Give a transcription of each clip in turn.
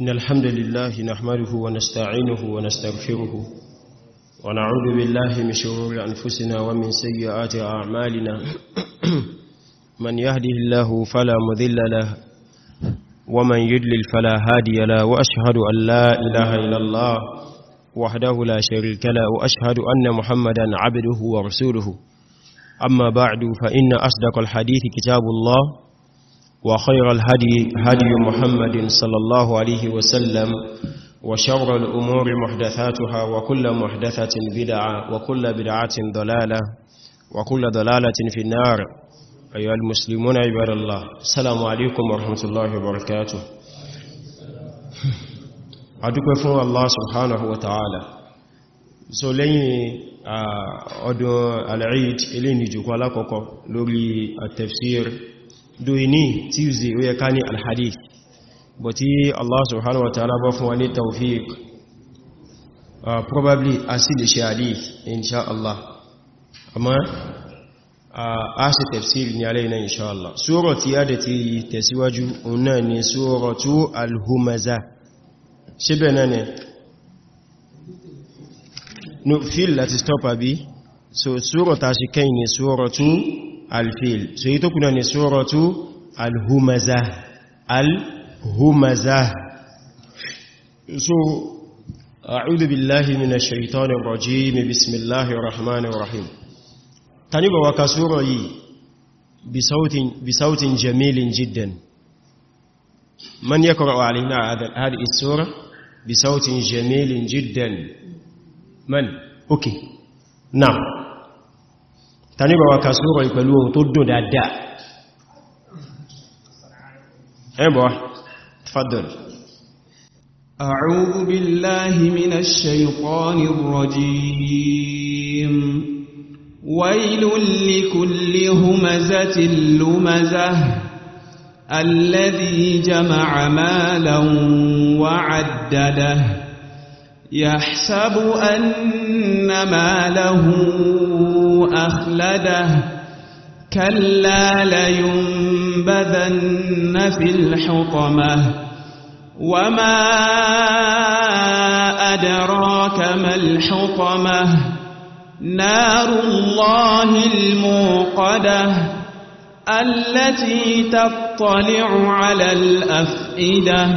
إن الحمد لله نحمده ونستعينه ونستغفره ونعوذ بالله من شرور أنفسنا ومن سيئات أعمالنا من يهده الله فلا مذل له ومن يدلل فلا هادي له وأشهد أن لا إله إلا الله وحده لا شريك له وأشهد أن محمدا عبده ورسوله أما بعد فإن أصدق الحديث كتاب الله وخير الهدي هدي محمد صلى الله عليه وسلم وشر الأمور محدثاتها وكل محدثة بدعة وكل بدعة ضلالة وكل ضلالة في النار أيها المسلمون عباد الله السلام عليكم ورحمة الله وبركاته أدوك فون الله سبحانه وتعالى سولين أدو العيد إليني جوكو لولي التفسير doini tuesday ó yẹ ká ní alhadith bọ̀ tí allah subhanahu wa ta'ala bọ́ fún wa ní tawfiq uh, probably a sì lè ṣe hadith inṣáàlá amma uh, a ṣe tafsir ní alẹ́ iná inṣáàlá sura tí a da ti tẹ̀síwájú ọ̀nà ni suratu alhumaza ṣíbẹ̀ náà ne no feel that is stop abi so sura ta ṣe kẹ́yìn ni suratu الفيل سيتكون سورة الهمزة الهمزة سو أعوذ بالله من الشيطان الرجيم بسم الله الرحمن الرحيم تنبع وكسورة بصوت, بصوت جميل جدا من يقرأ علينا هذه السورة بصوت جميل جدا من؟ أوكي نعم نعم tàníbà wa kà sóòrò ìpẹ̀lú ohun tó dùn dáadáa ẹ̀bọ̀ fadl أعوذ بالله من الشيطان الرجيم ويل لكل همزة لمزة الذي جمع مالا وعدده يحسب أن ماله أخلده كلا لينبذن في الحطمة وما أدراك ما الحطمة نار الله الموقدة التي تطلع على الأفئدة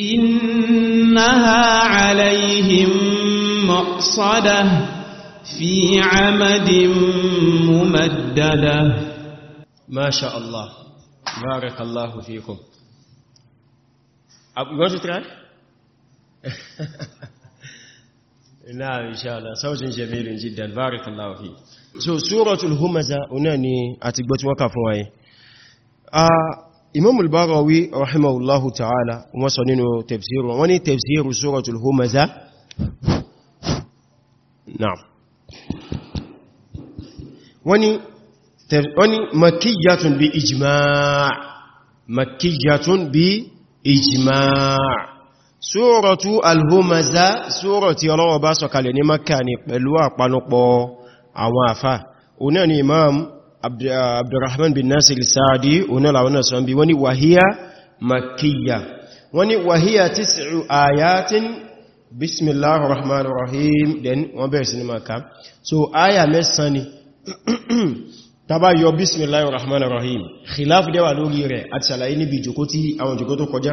إنها عليهم مقصده في عمد ممددة ما شاء الله بارك الله فيكم أبو يوسف ترى نعم إن شاء الله صوت جميل جدا بارك الله فيه so, سورة الهمزة هنا ني أتقبت وكفوا أي آه، إمام البغوي رحمه الله تعالى وصنينه تفسيره وني تفسير سورة الهمزة نعم wani wani makiyatun bi ijma' makiyatun bi ijma' suratu al-humaza surati Ọlọ́run bá sọ̀kalẹ̀ ní Makka ní pẹ̀lú àpanupọ̀ àwọn àfà ona ni imam abdurrahman bin nasir saadi ona la ona sanbi wani wahiya makiyya wani wahiya tis'u ayatin bismillah rahman rahim then wọ́n bẹ̀rẹ̀ sí ní ma so aya mẹ́sàn ni tàbá yọ bismillah rahman rahim khilaf dẹ́wà lórí rẹ̀ àti ṣàlàyé níbi ìjòkó tí àwọn ìjòkó tó kọjá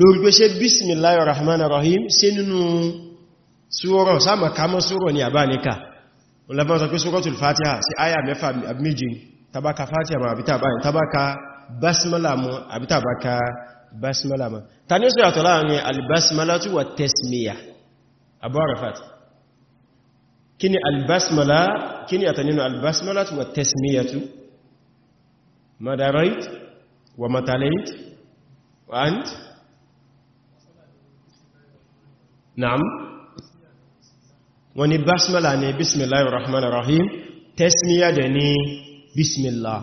lórí pé ṣe bismillah rahman rahim ṣe nínú súrọ̀ sáàmà kámọ́ súrọ̀ ni àbáníkà olàbọ́n sọ pé suratul fatiha sí aya mẹ́fà àbíjì tàbá ka fatiha mọ̀ àbítàbá basmala abita àbítàbá ka basmala ma ta ní sọ yàtọ̀ láàrin albasmalatu wa tesmiya abu arafat kí ni albasmala kí ni yàtọ̀ nínú albasmalatu wa tesmiyatu madarait wa matalait wa ant na'am wani basmala ne bismillahir rahmanir rahim tesmiya da ni bismillah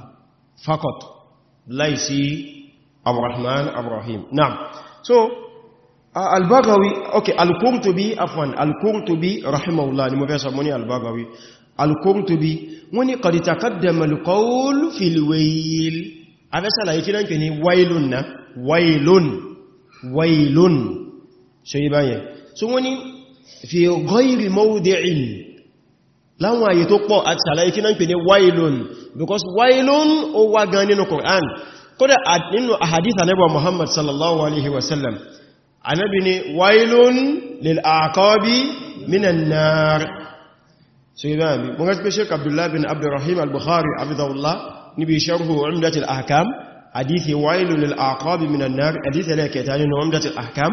fakot láìsí Ar-Rahman ar so Al-Baghawi okay Al-Qurtubi afwan Al-Qurtubi rahimahullah ni mo fẹ́ sọ mo ní Al-Baghawi Al-Qurtubi wọ́n ní qad taqaddama al-qawl fil wayl afẹ́sàlá yìí kí náà na waylun waylun ṣe yí báyẹn so wọ́n ní fi ghayri mawdi'in láwọn àyè tó pọ̀ àti sàlàyé kí náà pè ní waylun because waylun ó wá gan nínú Qur'an kódà nínú àhàdíta nẹ́bà muhammad sallallahu alaihi wasallam anábi ni wailun lil aqabi minan nar so yi báyàbí mọ́ gẹ́sí pé sheik abdullahi bin abdurrahim al-bukhari abdullah níbi sharhu umdatil ahkam hadithi wailun lil aqabi hadithi ẹlẹ́kẹta nínú umdatil ahkam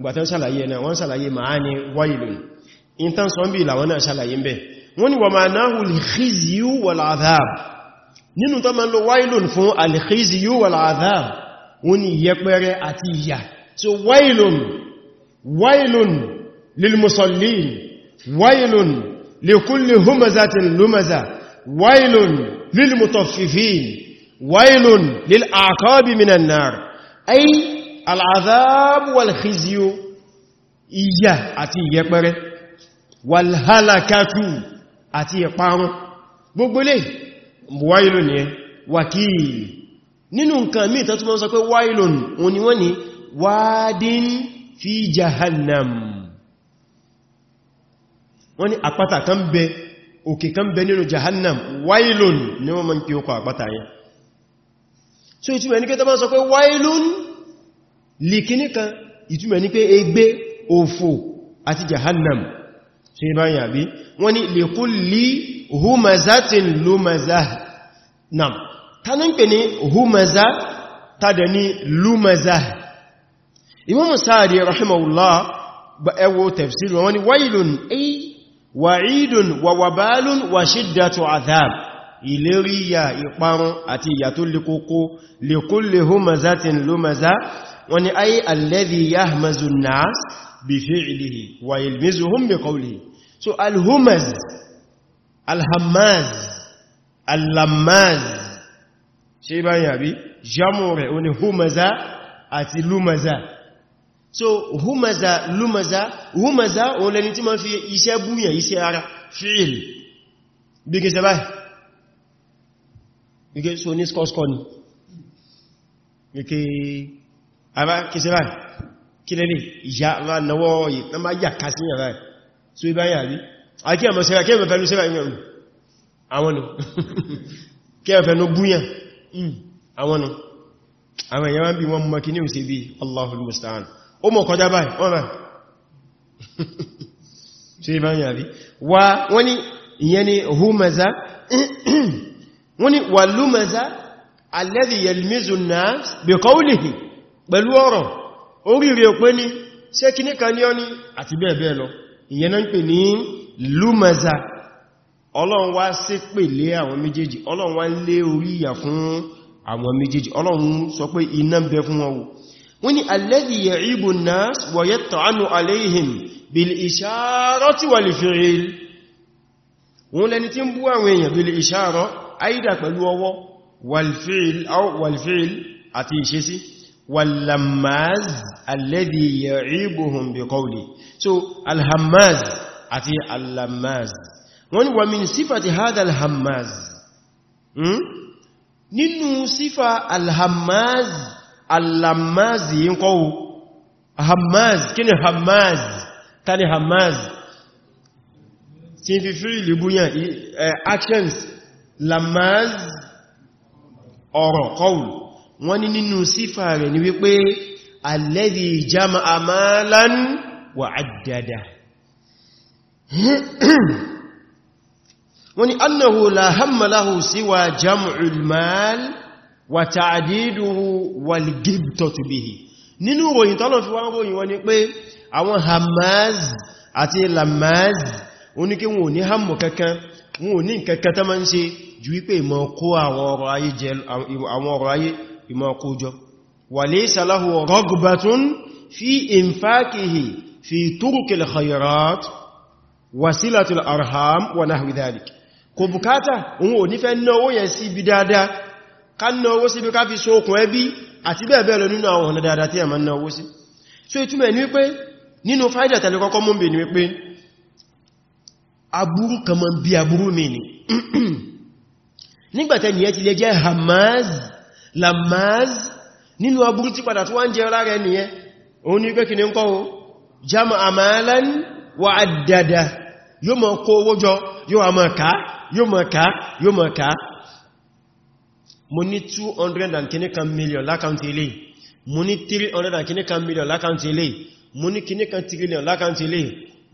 gbàtán sàlàyé na wọ́n sàlàyé ma'ani wailun in tan sọ bí ìlàwọ́n náà sàlàyé bẹ́ wọ́n ni wa ma'anahu al-khizyu wal-adhab nínú tó ma lo wailun fún alkhizi yíò wà láàdáà wọn ni yẹpẹrẹ àti ìyà so wailun wailun lilmusallin wailun likulli humazatin lumaza wailun lilmutaffifin wailun lil'aqabi minan nar ay al'adhab walkhizi ìyà àti yẹpẹrẹ walhalakatu àti ìparun gbogbo lè wáìlò ni ẹ wàkíì nínú nǹkan mí tàtí wọ́n sọ pé wáìlò wọn wọ́n ni wádín fi jahannam wọ́n ni àpáta kan bẹ òkè kan bẹ nínú jahannam wáìlò ni wọ́n mọ́ ń pè ọkọ̀ àpáta yẹn so ìtumẹ̀ ní kẹta bá sọ pé wáìlún lìkíní kan ìtumẹ̀ ní pé ègbé òfò àti jahannam ṣe báyìí àbí wọ́n ni li kulli humazatin lumaza nam ta ní pè ní humaza tàdà ní lumaza Imam Sa'di rahimahullah ba ẹwọ tafsir wọ́n ni wailun ay wa'idun wa wabalun wa shiddatu azab ìlérí ìyà ìparun àti ìyà tó lè kókó li kulli humazatin lumaza wọ́n ni ay alladhi yahmazu an-nas bi fi'lihi wa yalmizuhum bi qawlihi so alhumaz alhamaz alamaz ṣe bá yà bí jamu rẹ̀ o ni humaza àti lumaza so humaza lumaza humaza o lẹni tí ma fi iṣẹ́ búyàn iṣẹ́ ara fi'il bí kí sẹ́bá ike so ní skọ́skọ́ ni ike ara kí sẹ́bá kí lẹ́lẹ̀ ìyá ara náwọ́ ìtàmà yà kásíyàn rẹ̀ so ibá yà rí àkí àmọ́ sẹ́ra kí ẹ̀mọ̀ fẹ́nu sẹ́ra ìyàn àwọn nù kí ẹ̀mọ̀ fẹ́nu búyàn hmm. àwọn nù àwọn èèyàn wá bí wọ́n mọ́ kí ní òsè bí Allahul musta'an ó mọ̀ kọjá báyìí ọ̀rọ̀ so ibá yà rí wọ́n wọ́n ni ìyẹn náà ń pè ní lúmọ̀zà ọlọ́run wá sí pè lé àwọn méjèèjì ọlọ́run wá lé orí ìyà fún àwọn méjèèjì ọlọ́run sọ pé iná ń bẹ fún wọn wò wọ́n ni alladhi ya'ibu an-nas wa yat'anu alayhim bil isharati tí ń واللماز الذي يعيبهم بقوله so الهماز àti اللماز wọ́n ومن صفة هذا الهماز hmm? nínú sífà alhammaz alhammaz yí ń kọ́wò hammaz kí ni hammaz ta ni hammaz tí fi fírí libúyàn actions lamaz ọ̀rọ̀ kọ́wùlù wọ́n ní nínú sífà rẹ̀ ni wípé alladhi jama'a malan wa addada wọ́n ní annahu la hamma lahu siwa jam'ul mal wa ta'diduhu wal ghibtatu bihi nínú ròyìn tọ́lọ̀ fi wọ́n ròyìn wọ́n ní pé hamaz àti lamaz oníkí wọn ò ní hammu kankan wọn ò ní nǹkankan tó máa ń ṣe ju wípé ìmọ̀ kó àwọn ọ̀rọ̀ ayé ìmọ̀ kójọ wa laysa lahu ragbatun fi infaqihi fi turkil khayrat wasilatul arham wa nahwi dhalik kò bùkátà òun ò nífẹ́ náwó yẹn sí ibi dáadáa ká náwó sí ibi ká fi sókùn ẹbí àti bẹ́ẹ̀bẹ́ẹ̀ lọ nínú àwọn ọ̀nà dáadáa tí a máa náwó sí so ìtumọ̀ ni nígbàtẹ́ ti lè jẹ́ hamaz lamaz nínú aburú tí padà tó wá ń jẹ lára ẹniyẹn òun ní pé kì ní ń kọ́ o jama amalan wa adada yóò mọ̀ kó owó jọ yóò a mọ̀ ká yóò mọ̀ ká yóò mọ̀ ká mo ní 200 kìníkan million lákàntí ilé mo ní 300 kìníkan million lákàntí ilé mo ní kìníkan trillion lákàntí ilé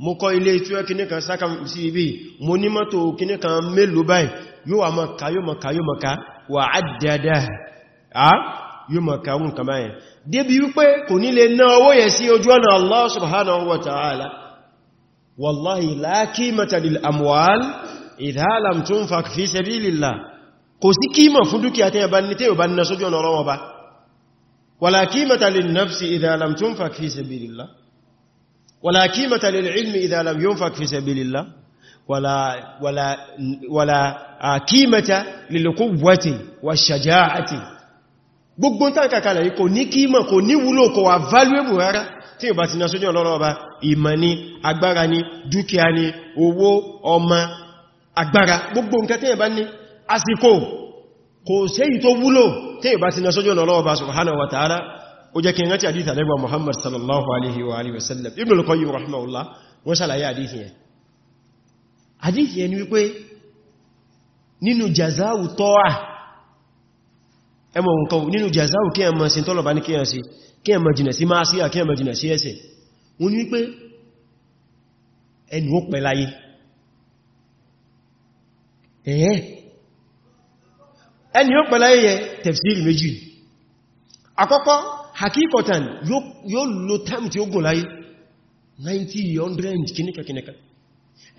mo kọ́ ilé ìtúwẹ́ kìníkan sákàm sí ibi mo ní mọ́tò kìníkan mélòó báyìí yóò mọ̀ ká yóò mọ̀ ká yóò mọ̀ ká wà addada yóò mọ̀ kàrún kàmá yẹn débi wípé kò nílé lè ná owó yẹ sí ojú ọ̀nà Allah subhanahu wa ta'ala wallahi láàkí mẹ́tàdìl lil ìdáàlàm tó ń fa fi kò sí kò sí kímọ̀ fún dúkìá tẹ́yẹ bá ní tẹ́yẹ bá ní sójú ọ̀nà oro bá wala qimata lin nafsi idha lam tunfaq gbogbo tán kàkàlẹ̀ kò ní kí mọ̀ kò ní wúlò kò wà valuable rárá tí ìbá ti nasójú ọlọ́rọ̀ ọba ìmọ̀ ni agbára ni dúkìá ni owó ọmọ agbára gbogbo nǹkan tí ìbá ní àsìkò kò séyìí tó wúlò tí ìbá ti nasójú ọlọ́rọ̀ ọba Muhammad sallallahu alaihi wasallam Ibn al-Qayyim rahimahullah wọ́n sàlàyé àdíta yẹn àdíta yẹn ni wípé nínú jazawu tọ́wàá ẹmọ nǹkan nínú jazawu kí ẹmọ sí tọ́lọ̀bá ní kíyàn sí kí ẹmọ jìnà sí máa sí àkí ẹmọ jìnà sí ẹsẹ̀ wọ́n ní wípé ẹnu ó pẹ́ láyé ẹ̀yẹ́ ẹni ó pẹ́ láyé yẹ tẹ̀fsìrì méjì àkọ́kọ́ hakikotan yóò lo time tí ó gùn láyé 90 100 kìníkà kìníkà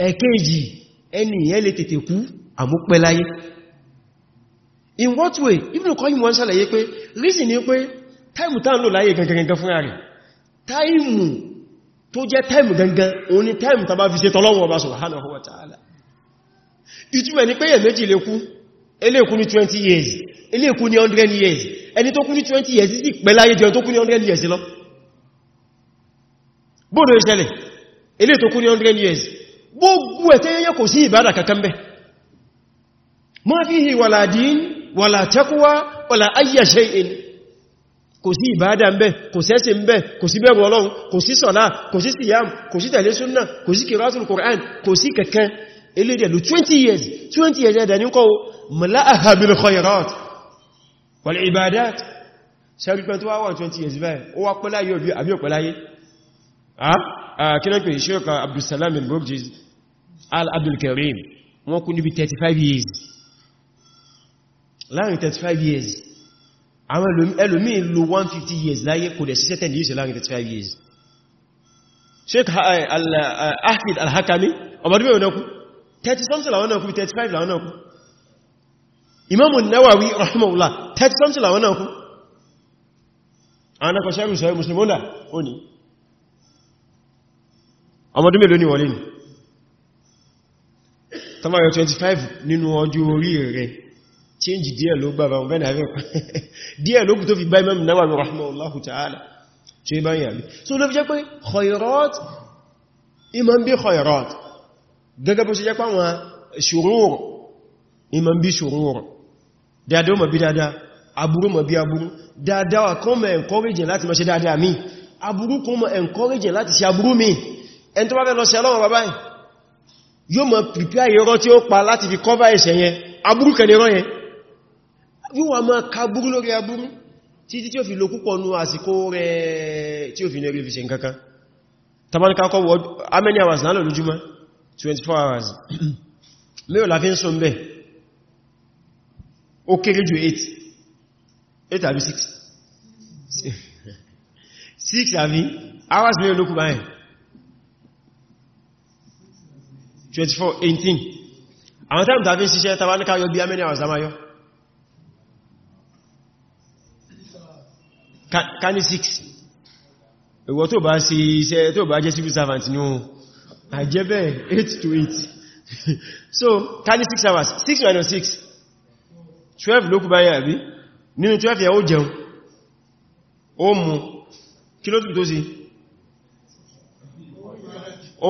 ẹ̀kẹ́jì ẹni yẹ́ lè tètè kú àmúpẹ́ láyé in what way even Ibn Qayyim wọ́n ṣàlàyé pe reason ni pé time ta ń lò láyé gangan fun ari time to je time gangan òun time ta bá fi ṣe tọ́lọ́wọ́ ọba subhanahu wa ta'ala ìtumẹ̀ ni pé ẹ̀mẹ́jì lè kú eléèkú ni 20 years eléèkú ni 100 years eni to ku ni 20 years sí pẹ́ láyé jẹun tó kú ní 100 years lọ bóòdó ìṣẹ̀lẹ̀ ele to ku ni 100 years gbogbo ẹ̀tẹ́yẹyẹ ko si ìbádà kankan bẹ́ ma fihi wala din wala taqwa wala ayya shay'in kò sí ìbádà ń bẹ kò sẹ́sì ń bẹ kò sí bẹ̀rù ọlọ́run kò sí sọ̀lá kò sí siyam kò sí tẹ̀lé súnnà kò sí kìrátùl Qur'an kò sí 20 years 20 years ẹ̀dà ní kọ́ mala'aha bil khairat wal ibadat sẹ́rìpẹ́ tó wá 20 years báyìí ó wá pẹ́láyé àbí ọ̀pẹ́láyé kínápẹ̀ ìṣẹ́ ọ̀kà Abdulsalam bin Burjiz al-Abdulkarim wọ́n kú níbi 35 years láàrin 35 years àwọn ẹlòmí lo 150 years láyé kò dẹ̀ síṣẹ́ tẹ̀lé ìṣẹ́ láàrin 35 years Sheikh eh, eh, Al eh, Ahmed al-Hakami ọmọdún mẹ́rin náà 30 something làwọn náà kú 35 làwọn náà kú Imamu Nawawi rahimahullah 30 something làwọn náà kú àwọn akọ̀ sẹ́rù sọ musulmọ́lá ó ní ọmọdún mẹ́rin ní wọlé ni tamari 25 nínú ọjọ́ change díẹ̀ ló gbàbà wọn bẹ́nà àríwá díẹ̀ ló kù tó fi bá imam náwà ní rahimahullahu ta'ala ṣe bá yàrí so ló fi jẹ́ pé khairat imam bí khairat gẹ́gẹ́ bó ṣe jẹ́ pàwọn shurur imam bí shurur dáadáa encourage láti máa ṣe dáadáa mi encourage láti ṣe aburú mi ẹni tó bá fẹ́ lọ sí ọlọ́wọ́ bàbá yóò mọ̀ prepare irọ́ tí ó pa láti fi cover ẹ̀ṣẹ̀ yẹn ni irọ́ yóò wà máa ka búrú lórí abúrú títí tí ó fi lò púpọ̀ nú àsìkò rẹ̀ tí ó fi ní orí fi ṣe nǹkankan tàbánikà kọ́ wọ́d how many hours lálọ̀ lójúmọ́ 24 hours mẹ́rọ la fi ń sùn bẹ́ ó kéré jù 8 8 àbí 6 hours mẹ́rọ lókù báyìí 24 18 àwọn tàbí ń ṣiṣẹ́ tàbánikà yọ bí how many hours lámáyọ́ kání 6 ìwọ tó bá sí iṣẹ́ tó bá jẹ́ civil servant ní ohun àjẹ́bẹ̀ 8 to 8 so kání hours 6 minus 6 12 ló kú báyẹ̀ àbí nínú 12 yẹ ó jẹun ó mú kí ló tó sí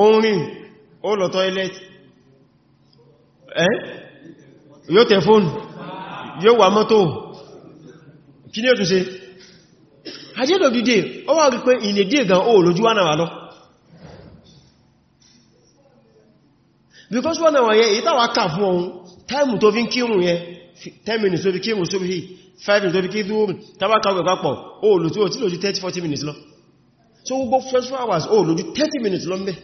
ó ń rìn ó lọ toilet ẹ́ yóò tẹ̀ fóònù yóò wà mọ́tò kí ni ó tún ṣe at the end of the day ó wá rí pé in a day gan ó lójú wá náà lọ because wọ́n náà yẹ èyí tàwà kà fún ohun time tó fi ń kírun yẹ 10 minutes tó fi kírun sórí 5 minutes tó fi kírun tàbá kàwẹ̀ papọ̀ ó lójú ó tí lójú 30-40 minutes lọ so gbogbo first four hours ó lójú 30 minutes lọ mẹ́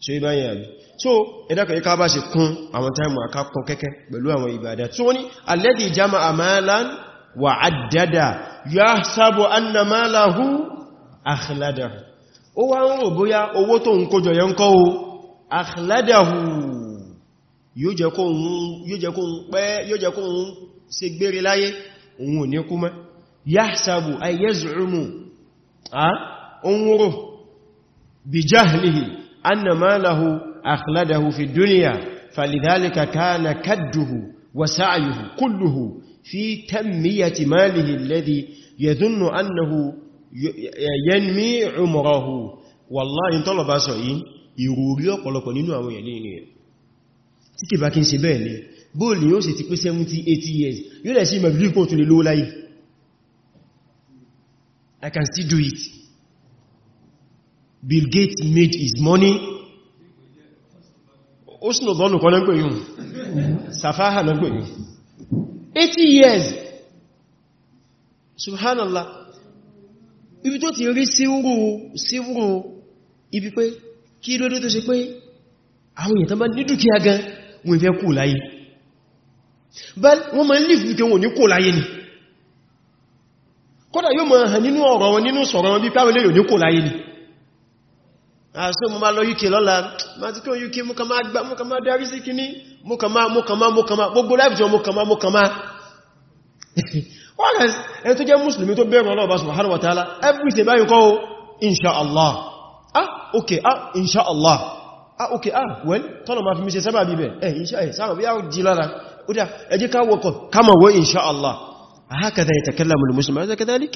so ibá yẹn àbí so ẹ̀dàkọ̀ yíká bá ṣe kún àwọn time àkápọ̀ kẹ́kẹ́ pẹ̀lú àwọn ìbádà tí wọ́n ní alẹ́dì Jamaa amalan وعددا يحسب أن ماله أخلده ó wá ń rò bóyá owó tó ń kójọ yẹn kọ́ o akhladahu yóò jẹ́ kó ń pẹ́ yóò jẹ́ kó ń ṣe gbére láyé òun ò ní kú mẹ́ yahsabu ay yaz'umu a ń rò bi jahlihi anna malahu akhladahu fi dunya falidhalika kana kadduhu wa sa'yuhu kulluhu في تنمية ماله الذي يظن أنه ينمي عمره والله إن طلب أسعي ìròrí ọ̀pọ̀lọpọ̀ nínú àwọn èèyàn nínú ẹ̀ tí kì bá kí n ṣe bẹ́ẹ̀ ni bóòlì yóò sì ti pé 70-80 years yóò lẹ̀ sí ìmọ̀bílì kò lè lówó láyé I can still do it Bill Gates made his money ó sínú bọ́ọ̀nù kan lẹ́gbẹ̀ẹ́ yìí sàfáhà lẹ́gbẹ̀ẹ́ yìí 80 years subhanallah ibi tó ti rí síwúrú síwúrú ibi pé kí lódé tó ṣe pé àwọn èèyàn tán bá ní dúkìá gan wọ́n fẹ́ kú láyé wọ́n ma ń lífù tí wọ́n ní kú láyé ni kódà yóò ma hàn nínú ọ̀rọ̀ wọn nínú sọ̀rọ̀ wọn bí pàwẹ́lẹ́ yóò ní kú láyé ni àṣíkò mo bá lọ UK lọ́la ma ti kí o UK mú kàn máa gbá mú kàn máa darí sí kíní mú kàn máa mú kàn máa mú kàn máa gbogbo jọ mú kàn máa mú kàn máa wọ́n ẹni tó jẹ́ mùsùlùmí tó bẹ̀rẹ̀ Allah subhanahu wa ta'ala everything báyìí kọ́ o inṣàallah ah okay ah inṣàallah ah okay ah well tọ́nà ma fi mi ṣe sábà bíbẹ̀ eh inṣàallah sábà bí yáò jí lára ó dá ẹjí ká wọ́kọ̀ kama wọ́ inṣàallah hakadha yatakallamu al-muslim hadha kadhalik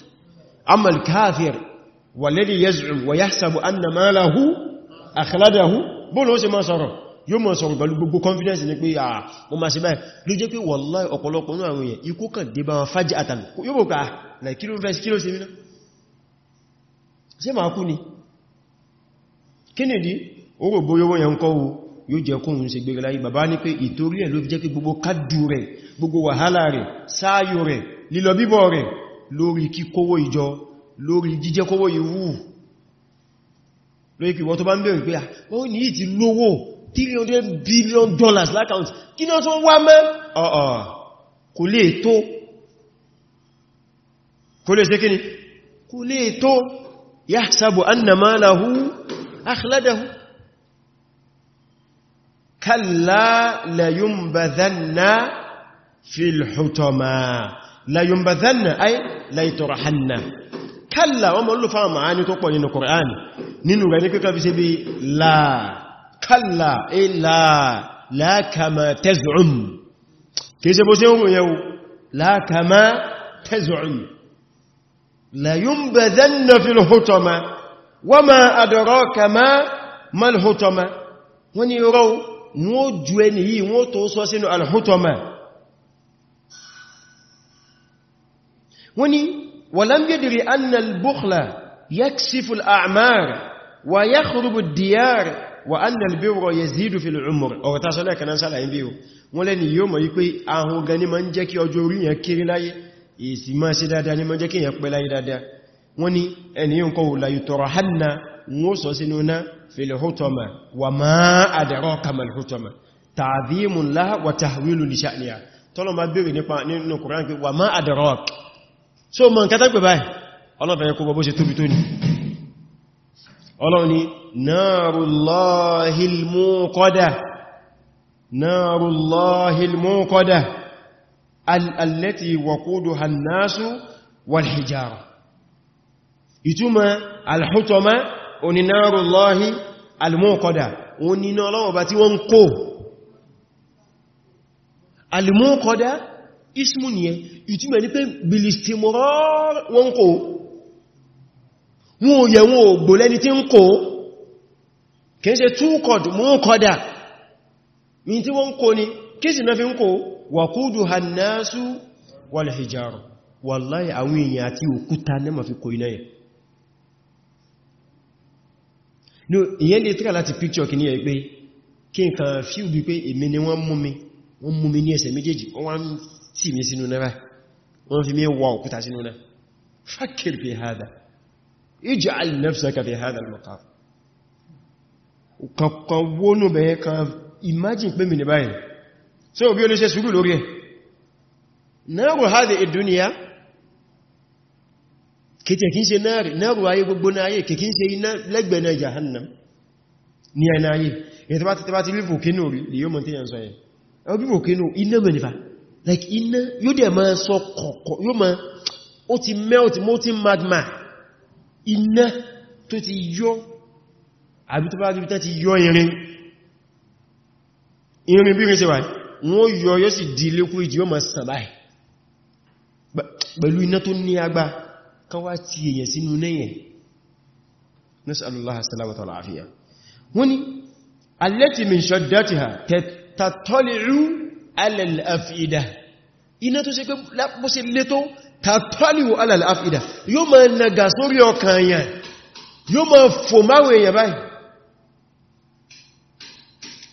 amma al-kafir والذي يزعم ويحسب أن ماله أخلده bóòlù ó ṣe máa sọ̀rọ̀ yóò máa sọ̀rọ̀ pẹ̀lú gbogbo confidence ní pé àà wọ́n máa ṣe báyìí ló jẹ́ pé wallahi ọ̀pọ̀lọpọ̀ ní àwọn èèyàn ikú kàn dé bá wọn fájí àtàlù yóò bò káà na kílò fẹ́ kílò sí mínú ṣe máa kú ni kínìdí orò láyé bàbá ní pé ìtorí ẹ̀ ló jẹ́ pé gbogbo kádù rẹ̀ gbogbo wàhálà rẹ̀ sáàyò rẹ̀ lílọ bíbọ̀ rẹ̀ lórí kíkówó ìjọ lórí jíjẹ́ kówó ìwú lórí pé wọ́n tó bá ń bèèrè pé ah, ó ní yìí ti lówó 300 billion dollars lákàùnt kí náà tó wá mẹ́ ọ̀ọ̀ kò lè tó kò lè ṣe kí ni kò lè tó yahsabu anna malahu akhladahu kalla layumbadhanna fil hutama layumbadhanna ay layturahanna kalla wọ́n mọ́ lò fáwọn màání tó pọ̀ nínú Kùránì nínú rẹ̀ ní kíkọ́ fi ṣe bí láà kalla ìlàà láàkàmà tẹ́zùrùn kìí ṣe bó ṣe oòrùn yẹ̀wò láàkàmà tẹ́zùrùn layunbadhanna fil hutama wa ma adraka ma al hutama wọ́n ni rọ́ wọ́n ju ẹni yìí wọ́n tó sọ sínú al wọ́n ni ولم يدري أن البخل يكشف الأعمار ويخرب الديار وأن البر يزيد في العمر ọ̀rọ̀ tá sọ lẹ́ẹ̀kan náà ṣàlàyé bí o wọ́n lẹ́ni yóò mọ̀ wípé ahun gan ní ma ń jẹ́ kí ọjọ́ orí yẹn kéré láyé èsì máa ṣe dáadáa ní ma ń jẹ́ kí yẹn pẹ́ láyé dáadáa wọ́n ni ẹni yóò kọ́ wùlá yùtọ̀rọ̀ hanna wọ́n sọ sínú ná filhutama wa ma adraka mal hutama ta'dhimun laha wa tahwilun li sha'niha tọ́lọ ma bèèrè nípa nínú Kùránì pé wa ma adraka so mọ̀ nǹkan tẹ́gbẹ̀ báyìí ọlọ́bẹ̀rẹ̀ kó gbogbo ṣe tóbi tó ní ọlọ́run ni narullahil muqada narullahil muqada allati waquduha an-nasu wal hijara ìtumọ̀ alhutama oni narullahi almuqada oni na ọlọ́wọ̀ bá tí wọ́n kó almuqada ismù nìyẹn ìtumẹ̀ ní pé bilistimọ́rọ̀ wọn kò wọn ò yẹ wọn ò gbò lẹ́ni tí ń kò kìí ṣe túnkọ̀dù mú kọ́dà ní tí wọ́n kò ní kí sì náà ń kò wàkúdù hannásù wàlhìjárù wàláyé àwọn èèyàn àti òkúta náà ma fi kò iná yẹn ìyẹn lè tíra láti picture kì ní ẹ̀ pé kí n ni wọ́n mú tì mí sínú náà wọ́n fi mí wà òkúta sínú náà fakir fi hada ij'al nafsaka fi hada al-maqam kankan wónú bẹ̀yẹ kan imagine pé mi ní báyìí so bí o lè ṣe sùúrù lórí ẹ̀ náàrù hádẹ̀ ìdúnìyà kìtẹ̀ kí ń ṣe náàrù ayé gbogbo náà ayé kìkí ń ṣe iná lẹ́gbẹ̀ẹ́ like iná yóò dẹ̀ máa sọ kọ̀kọ̀ yóò máa ó ti melt molten magma iná tó ti yọ àbí tó bá rí tó ti yọ irin irin bí irin ṣe wà wọ́n yọ yóò sì di liquid yóò máa sàn báyìí pẹ̀lú iná tó ní agbá kan wá ti èyàn sínú nẹ́yẹn nasallallahu salamata wal afiya wọ́n ni allati min shaddatiha tatali'u alàlàfíìdá iná tó ṣe pé bó ṣe lé tó tàtàlìwò alàlàfíìdá yóò máa nàgà sórí ọkàn èèyàn yóò máa fò máwẹ̀ èèyàn báyìí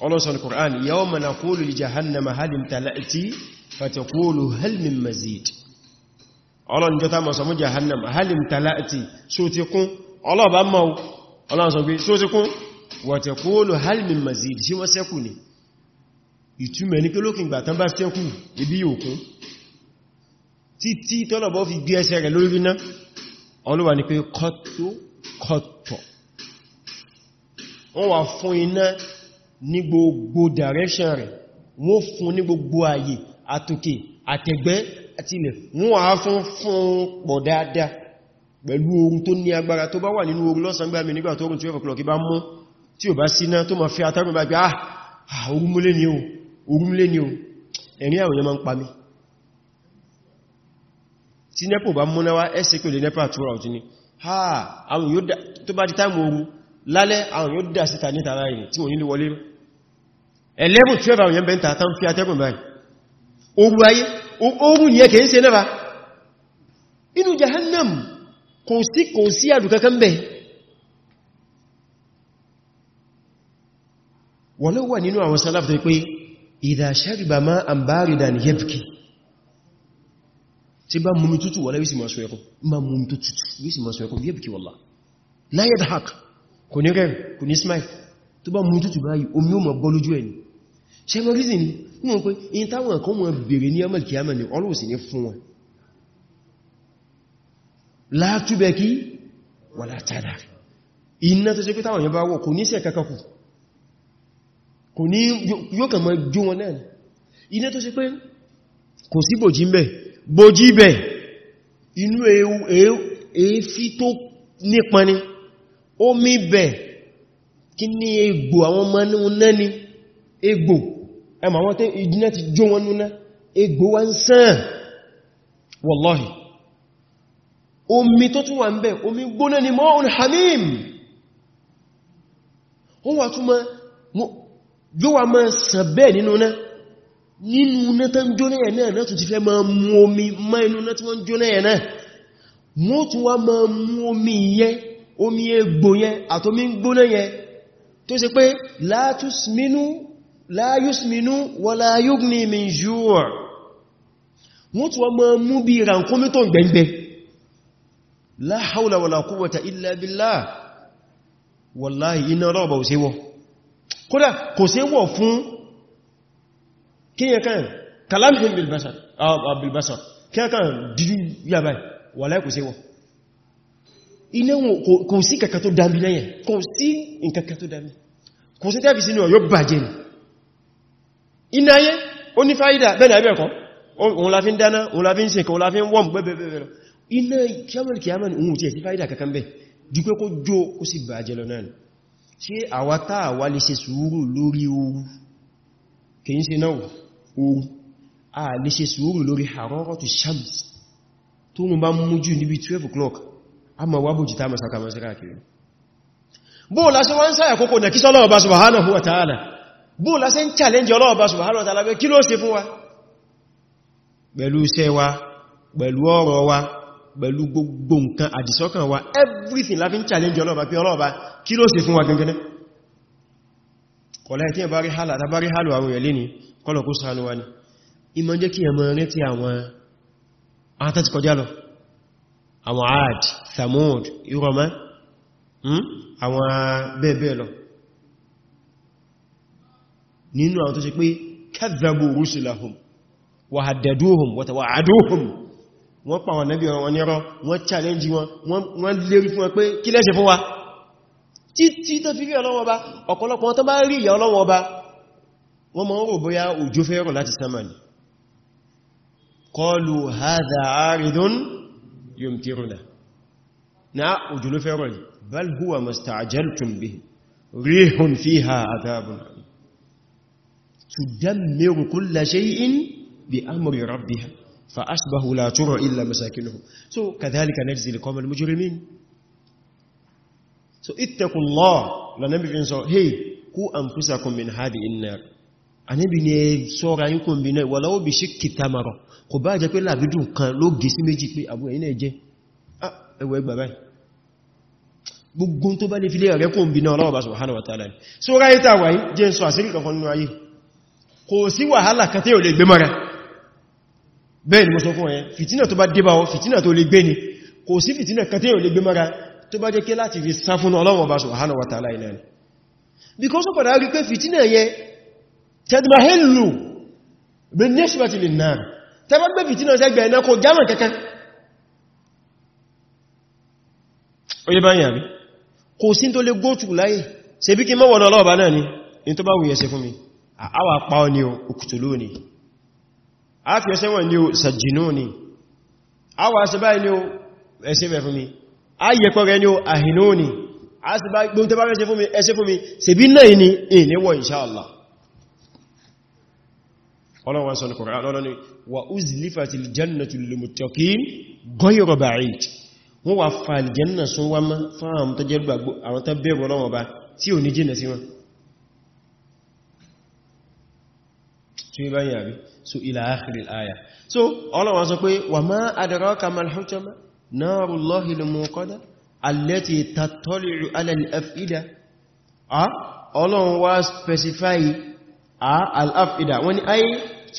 ọlọ́sàn Qur'an yawma naqulu li jahannama hal imtala'ti fatakulu hal min mazid ọlọ́run jọta mọ̀ sọmú jahannam hal imtala'ti so ti kún ọlọ́ọ̀bá mọ́ ọlọ́run sọ pé so mazid sí wọ́n sẹ́kù ni ìtumẹ̀ ní pé lókè ìgbà tán bá sẹ́kù ibi òkun títí tọ́lọ̀bọ́ fi gbé ẹsẹ̀ rẹ̀ lórí ná ọlọ́wà ní pé kọ́tò kọ́tò wọ́n wà fún iná ní gbogbo direction rẹ̀ wọ́n fún ní gbogbo ààyè àtòkè àtẹ̀gbẹ́ àti ilẹ̀ wọ́n wà fún fún pọ̀ dáadáa pẹ̀lú oorun ah, ah oorun múlé ni o orúmlé ni o ẹ̀rin àwọn yẹmọ́ ń pa mí tí nepo bá múná wá ẹ́sẹ̀ pẹ̀lú nepa tura ọ̀tí ni ha àwọn yóò dá tó bá di táìmù ooru lálẹ́ àwọn yóò dá síta ní tààrà ìrìn tí wọ́n nílé wọlé ẹlẹ́bùn 12 àwọn yẹmọ́ ń tán fi atẹ́kùn báyìí ni ẹ kẹ́ ń ṣe náà inú jahannam kò sí kò sí àdùkankan bẹ̀ wọ́n ìdá ṣẹ́rìbà máa ń báàrì dàn yẹ́bùkì tí bá múmi tútù wọ́n lẹ́wìsì masu ẹkùn ma múmi tó tútù wísì masu ẹkùn yẹ́bùkì wọ́lá láyé dáhàk kò ní rẹ̀ kò ní smile tó bá múmi tútù báyìí omi ó ma bọ́ lójú ẹni ṣe mọ́ rízì ní wọ́n pé ni ọlọ́wọ́ sì ní fún wọn látúbẹ̀kí wà látàdà iná tó ṣe pé táwọn yẹn bá wọ́ kò kò ní yóò kàn mọ́ jú wọn náà iná tó ṣe pé kò sí bòjí bẹ̀ bòjí bẹ̀ inú èéfí tó nípa ni omi bẹ̀ kí ní egbò àwọn ọmọ náà ni egbò ẹmà wọn tẹ́ ìdíná ti jó wọn núná egbò wa ń sàn wallahi omi tó tún wà ń bẹ̀ omi gbóná ni mọ́ hamim ó wà túnmọ́ yóò wà máa sàn bẹ́ẹ̀ nínú náà nínú náà tán jóná ẹ̀ náà náà tún ti fẹ́ máa mú omi má inú náà tí wọ́n jóná ẹ̀ náà wọ́n tún wá máa mú omi yẹn omi egbò yẹn àtomi gbóná yẹn tó ṣe pé la tusminu la yusminu wala yughni min ju' wọ́n máa mú bí ìrànkómi tó gbẹ̀ngbẹ̀ la hawla wala quwwata illa billah wallahi iná rọ̀bà òsíwọ̀ kódà kò sí wọ̀ fún kíyànkan kalamhin bilbasar kíyànkan dídú yàbá wàláì kò sí wọ̀ iná kò sí kàkà tó dámi lẹ́yìn kò sí nkàkà tó kò sí tẹ́fì sínú ọ̀yọ́ bàjẹ́ ni iná ayé ó ní fáyídà bẹ́ẹ̀ náà bẹ́ẹ̀kọ́ òun la fi ń dáná òun la fi ń sìnkà òun la fi ń wọ́n ṣe àwátá àwá lè ṣe sùúrù lórí ooru kìí ṣe náà ooru a lè ṣe sùúrù lórí hararatu shams tó mú bá mú jù níbi 12 o'clock a ma wá bójì táàmà saka masu káàkiri bóòlá sí wọ́n sáyà kókò nà kí sọ́lọ́wọ́ bá challenge ọlọ́wọ́ bá subhanahu wa ta'ala pé kí ló ṣe fún wa pẹ̀lú wa everything la fi challenge ọlọ́wọ́ bá pé ọlọ́wọ́ bá kí ló ṣe fún wa gẹ́gẹ́ kọ̀lá ẹ̀tí ẹ̀bá rí hálà tàbá rí hálò àwọn ẹ̀lẹ́ ni kọ́lọ̀ kó sàánú wa ni ìmọ̀ jẹ́ kí ẹmọ rẹ̀ tí àwọn àtàtí kọjá lọ àwọn Ad Thamud iroma hmm, àwọn bẹ́ẹ̀bẹ́ẹ̀ lọ nínú àwọn tó ṣe pé kadhabu rusulahum wa haddaduhum wa tawa'aduhum wọ́n pa wọn nẹ́bí wọn nírọ́ wọ́n challenge wọn wọ́n lérí fún wọn pé kí lẹ́ṣẹ̀ fún wa títí tó fi rí ọlọ́wọ́ bá ọ̀pọ̀lọpọ̀ tó bá rí ìyà Ọlọ́run bá wọ́n mọ̀ ń bóyá òjò fẹ́ rọ̀ láti sánmà ní qalu hadha aridun yumtiruna na òjò ló fẹ́ rọ̀ ní bal huwa masta'jaltum bihi rihun fiha adhabun tudammiru kulla shay'in bi amri rabbiha fa asbahu la tura illa masakinuhum so kadhalika najzi liqawmil mujrimin so ittaqullah lọ́nàbí fi ń sọ hey ku anfusakum min hadi innar anábi ni sọ́ra yínkùn bí náà walau bi shiqqi tamara kò bá jẹ́ pé làbídùn kan ló gé sí méjì pé àbú ẹ̀yìn ẹ̀jẹ́ ẹwọ ẹgbà báyìí gbogbo tó bá ní filé rẹ̀ kùn bí náà Ọlọ́run Ọba subhanahu wa ta'ala sọ́ra yí tàwà yí jẹ́ sọ àṣírí kan fọ́nú ayé kò sí wàhálà kan tí ò lè gbé mọ́ra bẹ́ẹ̀ mo sọ fún ẹ fìtínà tó bá débà fìtínà tó lè gbé ni kò sí fìtínà kan tí ò lè gbé mọ́ra tó bá jẹ́ kí láti fi sá fún Ọlọ́run Ọba subhanahu wa ta'ala ilẹ̀ ni because ó padà rí pé fìtínà yẹ tẹ́dìmáhìlù bí nẹ́ṣùwàtí lè náà tẹ́bá gbé fìtínà sẹ́gbẹ̀ ẹ̀nà kò jámà kankan oye bá yàrí kò sí tó lè góòtù láyé ṣe bí kí mọ́ wọ́n Ọlọ́run Ọba náà ni fún mi ayẹ̀pẹ̀rẹ̀ ni ó àhìnóní a sì bá gbóhun tẹ́ bá rẹ̀ ẹsẹ́ fún mi ṣe bí náà ní ìníwọ̀ inṣáàlá ọlọ́wọ́n sọ ní Kùránì ọlọ́ni wa uzlifatil jannatu lil muttaqin ghayra ba'id wọ́n wà fa aljanna sún wá mọ́ fáwọn tó so ila akhiril so ọlọ́wọ́n wa ma adraka mal hutama نار الله الموقدة التي تطلع على الأفئدة أولاً آه؟ آه، واسبسفاي الأفئدة واني أي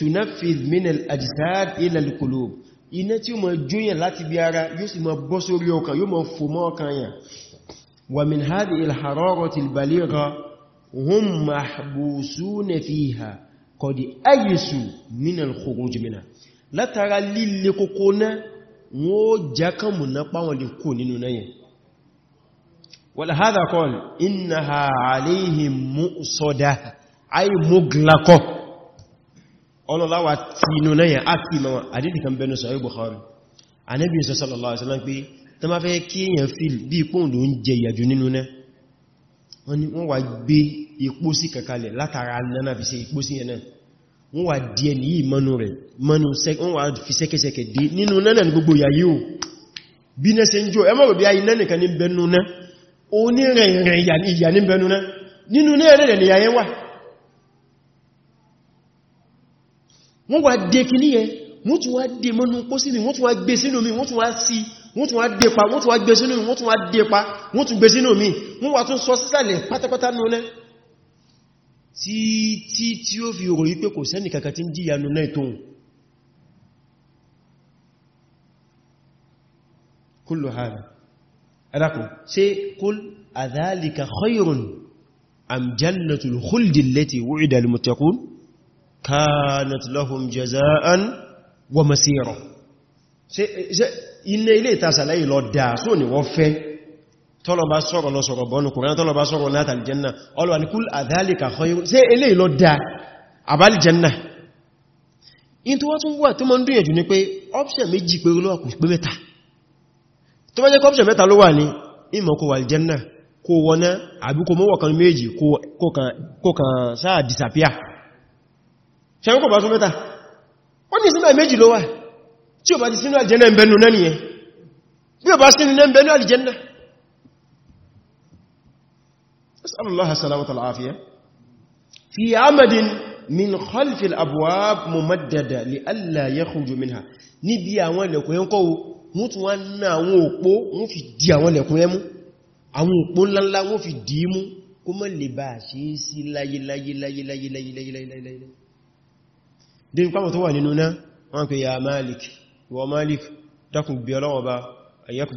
تنفذ من الأجساد إلى القلوب إنه تيوم الجنيا التي بيارا يسمى بصريوكا يوم فموكا ومن هذه الحرارة البليغة هم محبوسون فيها قد أيسوا من الخروج منها لا ترى للي قونا wọ́n ó jẹ́ kan múná páwọn lè kò nínú náyẹn wàláhádà kọ́lù iná ha aléhìn mú sọ́dá ayi mú glakọ́ ọlọ́láwà tí inú náyẹn á tí mawa àdídìkan bẹnu sọ ayé Bukhari Ànábì sallallahu alaihi wasallam pé tó má fẹ́ kí èyàn fi bí wọ́n wà díẹ̀ ní yìí mọ́nú rẹ̀ mọ́nú wọ́n wà fi sẹ́kẹsẹ́kẹ̀ dé nínú náà ní gbogbo yàyí o bí náà ṣe ń jò ẹmọ́ òbí ayé nánìkan ní bẹnu náà onírẹ̀rẹ̀ ìyà ní bẹnu náà nínú náà rẹ̀ ní yàyẹ wà ni wọ́n tún wá gbé sínú mi wọ́n tún wá sí wọ́n tún wá dé pa wọ́n tún wá gbé sínú mi wọ́n tún wá dé pa wọ́n tún gbé sínú mi tí tí tí ó fi ròrí pé kò sẹ́ni kankan tí ń jí ìyanu náà tóhun kullu hada ẹ̀dàkùn ṣe kul adhalika khayrun am jannatul khuldi allati wu'ida lil muttaqin kanat lahum tọ́lọba sọ́rọ̀ lọ sọ̀rọ̀ bọ́nù kùrán tọ́lọba sọ́rọ̀ láti aljanna ọlọ́wà ní kúl àdálìkà khayrun sí ilé ìlọ dáa àbálìjanna in tó wá tún wà tó ma ń dúnyẹ̀ jù ní pé option méjì pé olówà kò pé mẹ́ta tó bá jẹ́ option mẹ́ta ló wà ní ìmọ̀ kó wà aljanna kó wọná àbí kó mọ́wọ̀ kan méjì kó kan sáà bí ò bá sínú náà ń bẹnu أسأل الله السلامة والعافية في عمد من خلف الأبواب ممددة لألا يخرج منها níbi àwọn ilẹ̀kùn yẹn kọ́wọ́ mú tún wá ní àwọn òpó wọ́n fi dí àwọn ilẹ̀kùn yẹn mú àwọn òpó ńláńlá wọ́n fi dí mú kó mọ́ lè bá ṣe é sí láyé láyé láyé láyé láyé láyé láyé láyé láyé dé ipá mọ̀ tó wà nínú náà wọ́n pè ya Malik ìwọ Malik dákùn bí ọlọ́wọ́ bá ayẹ́kùn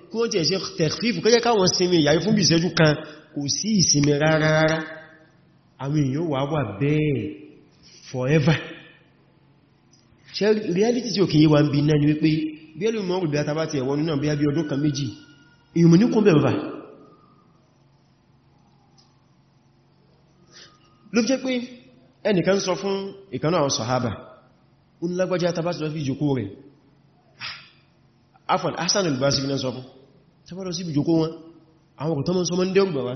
kí wọ́n tẹ̀ ṣe tẹ̀fífù kọ́jẹ́ káwọn sinmi ìyàrí fún bí ìṣẹ́jú kan kò sí ìsinmi rárá rárá àwọn èèyàn wà wà bẹ́ẹ̀ forever ṣe reality tí ò kìí wà ń bí náà ni wípé bí ẹlù mọ́ òrùbí àtàbà ti ẹ̀wọ̀n náà bí i ọdún kan méjì ìrùn ní kún bẹ̀rẹ̀ ló jẹ́ pé ẹnìkan sọ fún ìkanú àwọn sàhábà ó lágbájá tàbátì lọ tó bá lọ sí ibìjòkó wọn àwọn ọ̀rọ̀ tó mọ́ sọmọ́ ń dẹ́rù bà wá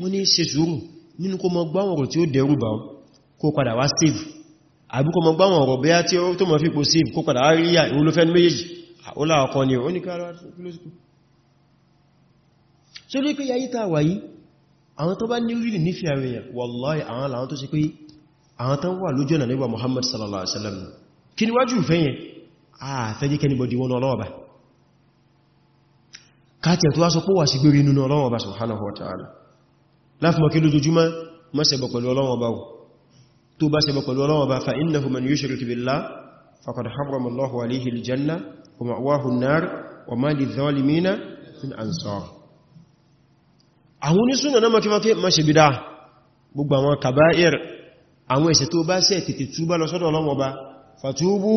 wọ́n ní ṣe sùúrù nínú kó mọ gbáwọn ọ̀rọ̀ tí ó dẹ́rù bà kó padà wá save àbí kó mọ gbáwọn ọ̀rọ̀ bẹ́yà tí ó tó mọ̀ fípo save kó padà wá rí yà ìwúlófẹ́ méjèèjì ó ni ó ní wallahi àwọn àwọn tó ṣe pé àwọn tán wà lójú ọ̀nà nígbà Muhammad sallallahu alaihi wasallam ni wájú ìfẹ́yẹn wọn ọlọ́ọ̀bá káàkiri tó wá sọ pọ́ wà sí gbére nínú Ọlọ́run Ọba subhanahu wa ta'ala láfimọ̀ kí lójoojúmọ́ má ṣẹbọ pẹ̀lú Ọlọ́run Ọba tó bá ṣẹbọ pẹ̀lú Ọlọ́run Ọba fa innahu man yushrik billah faqad harrama Allahu alayhi aljanna àwọn onísúnà náà mọ́kí mọ́kí má ṣe bídá gbogbo àwọn kàbá'ir àwọn ẹ̀ṣẹ̀ tó bá ṣẹ̀ tètè túbá lọ sọ́dọ̀ Ọlọ́run Ọba fatubu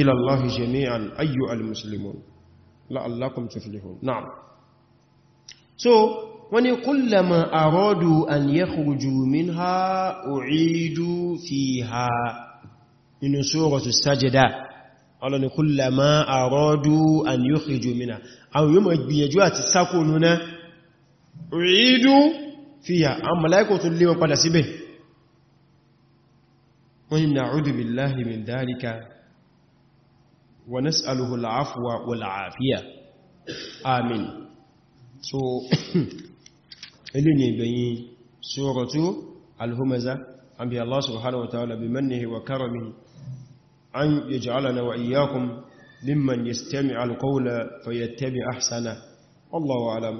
ila Allahi jami'an ayyuhal muslimun la'allakum tuflihun na'am so wani kullama aradu an yakhruju minha u'idu fiha inú suratu sajda Allah ni kullama aradu an yukhriju minha àwọn yo ma gbìyànjú àti sako nuna u'idu fiha am malaiko tún lé wọn padà na'udu billahi min dhalika ونسأله العفو والعافية آمين so إليني بين سورة الهمزة أنبي الله سبحانه وتعالى بمنه وكرمه أن يجعلنا وإياكم ممن يستمع القول فيتبع أحسنه الله أعلم